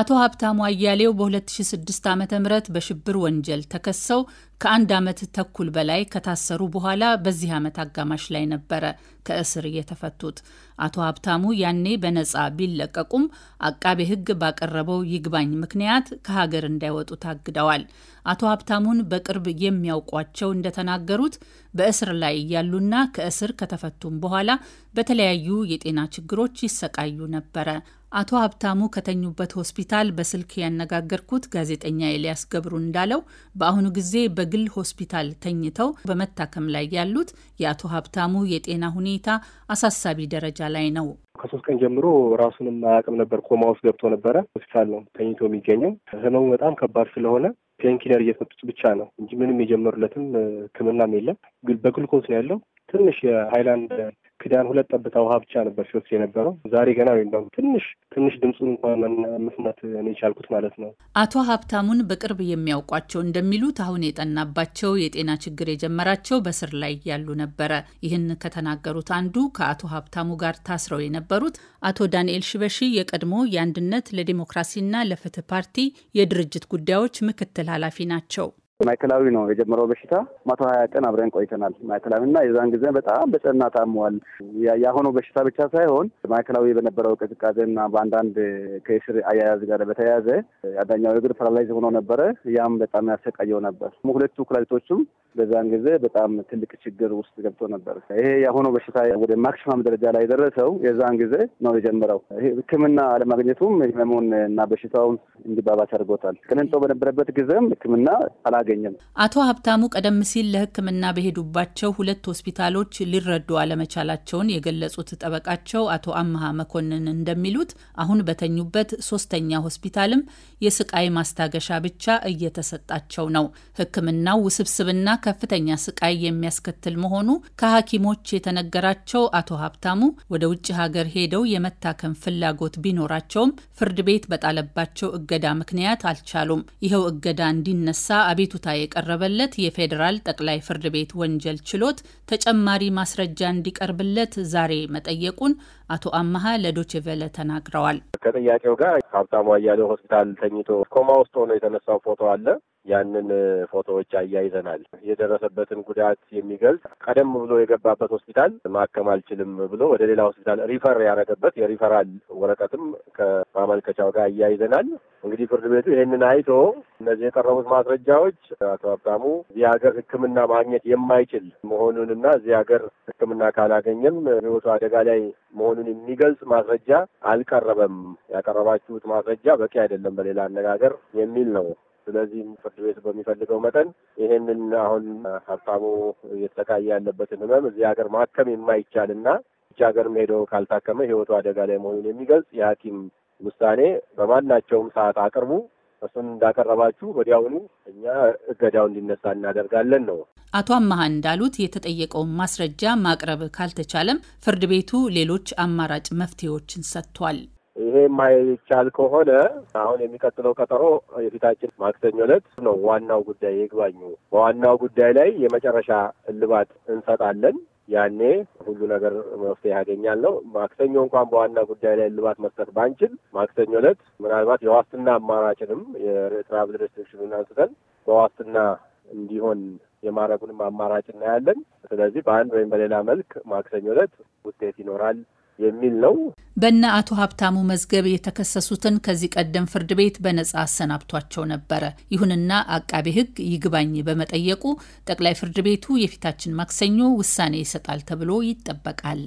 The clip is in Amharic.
አቶ ሀብታሙ አያሌው በ2006 ዓ ም በሽብር ወንጀል ተከሰው ከአንድ ዓመት ተኩል በላይ ከታሰሩ በኋላ በዚህ ዓመት አጋማሽ ላይ ነበረ ከእስር የተፈቱት። አቶ ሀብታሙ ያኔ በነፃ ቢለቀቁም አቃቤ ሕግ ባቀረበው ይግባኝ ምክንያት ከሀገር እንዳይወጡ ታግደዋል። አቶ ሀብታሙን በቅርብ የሚያውቋቸው እንደተናገሩት በእስር ላይ እያሉና ከእስር ከተፈቱም በኋላ በተለያዩ የጤና ችግሮች ይሰቃዩ ነበረ። አቶ ሀብታሙ ከተኙበት ሆስፒታል በስልክ ያነጋገርኩት ጋዜጠኛ ኤልያስ ገብሩ እንዳለው በአሁኑ ጊዜ በግል ሆስፒታል ተኝተው በመታከም ላይ ያሉት የአቶ ሀብታሙ የጤና ሁኔታ አሳሳቢ ደረጃ ላይ ነው። ከሶስት ቀን ጀምሮ ራሱንም ማያቅም ነበር። ኮማ ውስጥ ገብቶ ነበረ። ሆስፒታል ነው ተኝቶ የሚገኘው። ህመሙ በጣም ከባድ ስለሆነ ፔንኪለር እየሰጡት ብቻ ነው እንጂ ምንም የጀመሩለትም ህክምናም የለም። በግልኮስ ነው ያለው። ትንሽ የሀይላንድ ክዳን ሁለት ጠብታ ውሃ ብቻ ነበር ሲወስድ የነበረው። ዛሬ ገና ወይም ትንሽ ትንሽ ድምፁ እንኳን መስማት የቻልኩት ማለት ነው። አቶ ሀብታሙን በቅርብ የሚያውቋቸው እንደሚሉት አሁን የጠናባቸው የጤና ችግር የጀመራቸው በስር ላይ ያሉ ነበረ። ይህን ከተናገሩት አንዱ ከአቶ ሀብታሙ ጋር ታስረው የነበሩት አቶ ዳንኤል ሽበሺ የቀድሞ የአንድነት ለዲሞክራሲና ለፍትህ ፓርቲ የድርጅት ጉዳዮች ምክትል ኃላፊ ናቸው። ማዕከላዊ ነው የጀመረው በሽታ። መቶ ሀያ ቀን አብረን ቆይተናል ማዕከላዊ እና የዛን ጊዜ በጣም በጽና ታመዋል። የአሁኑ በሽታ ብቻ ሳይሆን ማዕከላዊ በነበረው ቅዝቃዜ እና በአንዳንድ ከስር አያያዝ ጋር በተያያዘ አዳኛው እግር ፓራላይዝ ሆኖ ነበረ። ያም በጣም ያሰቃየው ነበር። ሁለቱ ኩላሊቶቹም በዛን ጊዜ በጣም ትልቅ ችግር ውስጥ ገብቶ ነበር። ይሄ የአሁኑ በሽታ ወደ ማክሲማም ደረጃ ላይ የደረሰው የዛን ጊዜ ነው የጀመረው። ሕክምና አለማግኘቱም ህመሙን እና በሽታውን እንዲባባስ አድርጎታል። ቅንንጦ በነበረበት ጊዜም ሕክምና አላገ አልተገኘም። አቶ ሀብታሙ ቀደም ሲል ለሕክምና በሄዱባቸው ሁለት ሆስፒታሎች ሊረዱ አለመቻላቸውን የገለጹት ጠበቃቸው አቶ አምሃ መኮንን እንደሚሉት አሁን በተኙበት ሶስተኛ ሆስፒታልም የስቃይ ማስታገሻ ብቻ እየተሰጣቸው ነው። ሕክምናው ውስብስብና ከፍተኛ ስቃይ የሚያስከትል መሆኑ ከሐኪሞች የተነገራቸው አቶ ሀብታሙ ወደ ውጭ ሀገር ሄደው የመታከም ፍላጎት ቢኖራቸውም ፍርድ ቤት በጣለባቸው እገዳ ምክንያት አልቻሉም። ይኸው እገዳ እንዲነሳ አቤቱ ችሎታ የቀረበለት የፌዴራል ጠቅላይ ፍርድ ቤት ወንጀል ችሎት ተጨማሪ ማስረጃ እንዲቀርብለት ዛሬ መጠየቁን አቶ አመሀ ለዶችቬለ ተናግረዋል። ከጥያቄው ጋር ሀብታሙ አያሌው ሆስፒታል ተኝቶ ኮማ ውስጥ ሆኖ የተነሳው ፎቶ አለ። ያንን ፎቶዎች አያይዘናል። የደረሰበትን ጉዳት የሚገልጽ ቀደም ብሎ የገባበት ሆስፒታል ማከም አልችልም ብሎ ወደ ሌላ ሆስፒታል ሪፈር ያደረገበት የሪፈራል ወረቀትም ከማመልከቻው ጋር አያይዘናል። እንግዲህ ፍርድ ቤቱ ይህንን አይቶ እነዚህ የቀረቡት ማስረጃዎች አቶ ሀብታሙ እዚህ ሀገር ሕክምና ማግኘት የማይችል መሆኑንና እዚህ ሀገር ሕክምና ካላገኘም ሕይወቱ አደጋ ላይ መሆኑን የሚገልጽ ማስረጃ አልቀረበም፣ ያቀረባችሁት ማስረጃ በቂ አይደለም፣ በሌላ አነጋገር የሚል ነው። ስለዚህ ፍርድ ቤቱ በሚፈልገው መጠን ይህንን አሁን ሀብታሙ እየተሰቃየ ያለበትን ህመም እዚህ ሀገር ማከም የማይቻልና ብቻ ሀገር ሄደው ካልታከመ ህይወቱ አደጋ ላይ መሆኑን የሚገልጽ የሐኪም ውሳኔ በማናቸውም ሰዓት አቅርቡ። እሱን እንዳቀረባችሁ ወዲያውኑ እኛ እገዳው እንዲነሳ እናደርጋለን ነው። አቶ አመሀ እንዳሉት የተጠየቀውን ማስረጃ ማቅረብ ካልተቻለም ፍርድ ቤቱ ሌሎች አማራጭ መፍትሄዎችን ሰጥቷል። ይሄ የማይቻል ከሆነ አሁን የሚቀጥለው ቀጠሮ የፊታችን ማክሰኞ ዕለት ነው። ዋናው ጉዳይ ይግባኙ በዋናው ጉዳይ ላይ የመጨረሻ እልባት እንሰጣለን። ያኔ ሁሉ ነገር መፍትሄ ያገኛል ነው። ማክሰኞ እንኳን በዋና ጉዳይ ላይ እልባት መስጠት ባንችል ማክሰኞ ዕለት ምናልባት የዋስትና አማራጭንም የትራቭል ሬስትሪክሽኑን አንስተን በዋስትና እንዲሆን የማድረጉንም አማራጭ እናያለን። ስለዚህ በአንድ ወይም በሌላ መልክ ማክሰኞ ዕለት ውጤት ይኖራል የሚል ነው። በነ አቶ ሀብታሙ መዝገብ የተከሰሱትን ከዚህ ቀደም ፍርድ ቤት በነጻ አሰናብቷቸው ነበረ። ይሁንና አቃቤ ሕግ ይግባኝ በመጠየቁ ጠቅላይ ፍርድ ቤቱ የፊታችን ማክሰኞ ውሳኔ ይሰጣል ተብሎ ይጠበቃል።